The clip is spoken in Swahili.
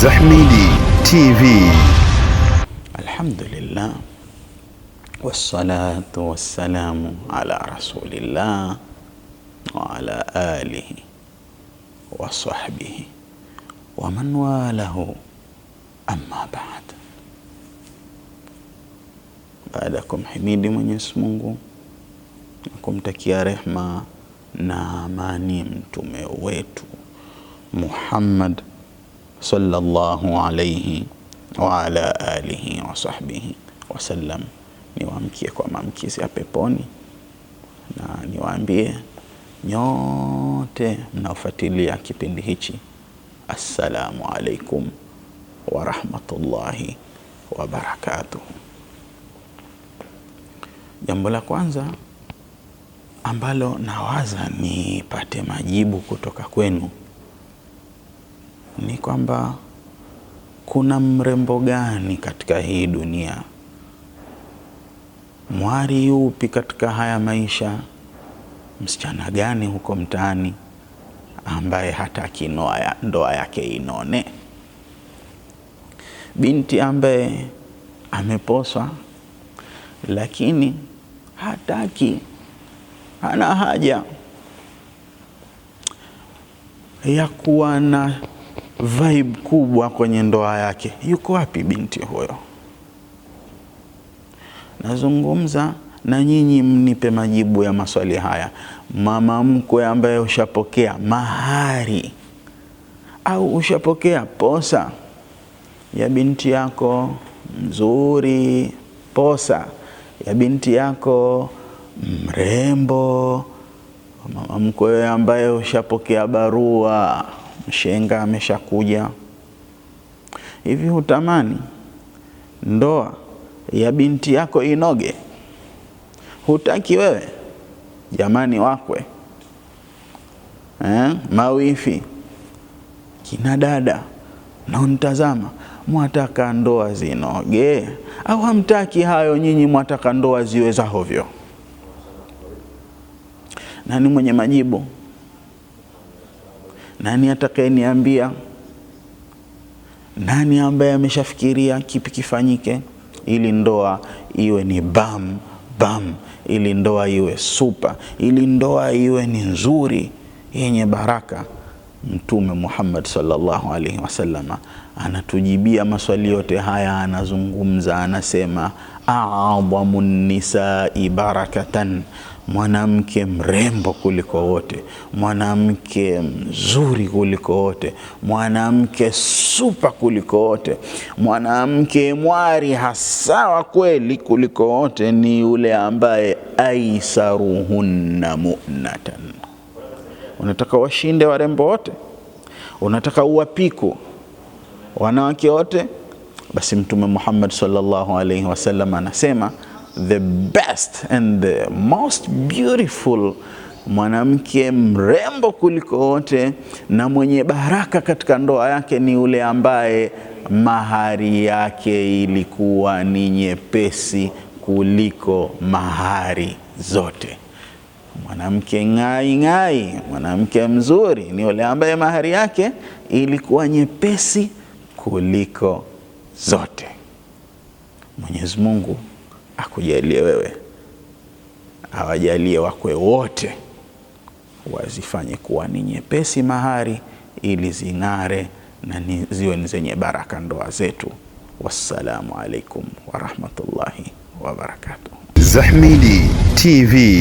Zahmidi TV. Alhamdulillah wassalatu wassalamu ala rasulillah wa ala alihi wa sahbihi wa man walahu, amma ba'd. Baada ya kumhimidi Mwenyezi Mungu na kumtakia rehma na amani mtume wetu Muhammad sallallahu alayhi wa ala alihi wa sahbihi wasallam. Niwaamkie kwa maamkizi ya peponi, na niwaambie nyote mnaofuatilia kipindi hichi, assalamu alaikum wa rahmatullahi wa barakatuh. Jambo la kwanza ambalo nawaza nipate majibu kutoka kwenu ni kwamba kuna mrembo gani katika hii dunia? Mwari yupi katika haya maisha? Msichana gani huko mtaani ambaye hataki ya, ndoa yake inone? Binti ambaye ameposwa lakini hataki, hana haja ya kuwa na vibe kubwa kwenye ndoa yake. Yuko wapi binti huyo? Nazungumza na nyinyi mnipe majibu ya maswali haya. Mama mkwe ambaye ushapokea mahari au ushapokea posa ya binti yako mzuri, posa ya binti yako mrembo, mama mkwe ambaye ushapokea barua mshenga ameshakuja. Hivi hutamani ndoa ya binti yako inoge? Hutaki wewe jamani, wakwe eh, mawifi kina dada naonitazama, mwataka ndoa zinoge au hamtaki hayo? Nyinyi mwataka ndoa ziwe za hovyo. Nani mwenye majibu? Nani atakayeniambia? Nani ambaye ameshafikiria kipi kifanyike ili ndoa iwe ni bam bam, ili ndoa iwe supa ili ndoa iwe ni nzuri yenye baraka? Mtume Muhammad sallallahu alaihi wasallama anatujibia maswali yote haya, anazungumza, anasema adhamu nisai barakatan mwanamke mrembo kuliko wote, mwanamke mzuri kuliko wote, mwanamke supa kuliko wote, mwanamke mwari hasa wa kweli kuliko wote ni yule ambaye aisaruhunna munatan. Unataka washinde warembo wote? Unataka uwapiku wanawake wote? Basi Mtume Muhammad sallallahu alaihi wasallam anasema the best and the most beautiful mwanamke mrembo kuliko wote na mwenye baraka katika ndoa yake ni ule ambaye mahari yake ilikuwa ni nyepesi kuliko mahari zote. Mwanamke ng'ai ng'ai, mwanamke mzuri ni yule ambaye mahari yake ilikuwa nyepesi kuliko zote. Mwenyezi Mungu akujalie wewe, awajalie wakwe wote, wazifanye kuwa ni nyepesi mahari, ili zing'are na ziwe ni zenye baraka ndoa zetu. Wassalamu alaikum warahmatullahi wabarakatuh. Zahmidi TV.